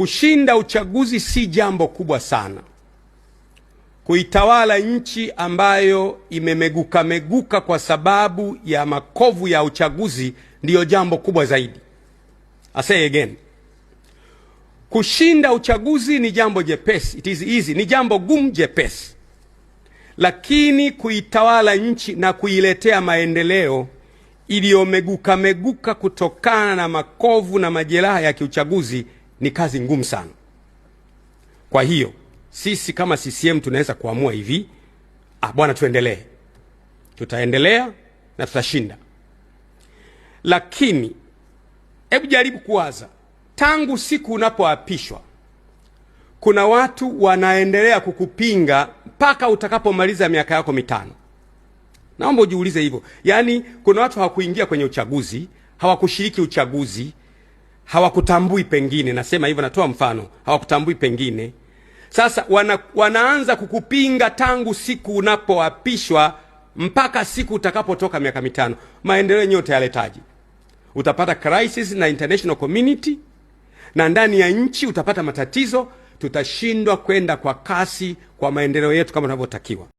Kushinda uchaguzi si jambo kubwa sana. Kuitawala nchi ambayo imemeguka meguka kwa sababu ya makovu ya uchaguzi ndiyo jambo kubwa zaidi. I say again. Kushinda uchaguzi ni jambo jepesi, it is easy, ni jambo gumu jepesi, lakini kuitawala nchi na kuiletea maendeleo iliyomeguka meguka kutokana na makovu na majeraha ya kiuchaguzi ni kazi ngumu sana. Kwa hiyo sisi kama CCM tunaweza kuamua hivi, ah, bwana, tuendelee, tutaendelea na tutashinda. Lakini hebu jaribu kuwaza, tangu siku unapoapishwa kuna watu wanaendelea kukupinga mpaka utakapomaliza miaka yako mitano. Naomba ujiulize hivyo, yaani kuna watu hawakuingia kwenye uchaguzi, hawakushiriki uchaguzi, hawakutambui pengine, nasema hivyo, natoa mfano, hawakutambui pengine. Sasa wana, wanaanza kukupinga tangu siku unapoapishwa mpaka siku utakapotoka miaka mitano. Maendeleo yenyewe utayaletaji Utapata crisis na international community, na ndani ya nchi utapata matatizo. Tutashindwa kwenda kwa kasi kwa maendeleo yetu kama tunavyotakiwa.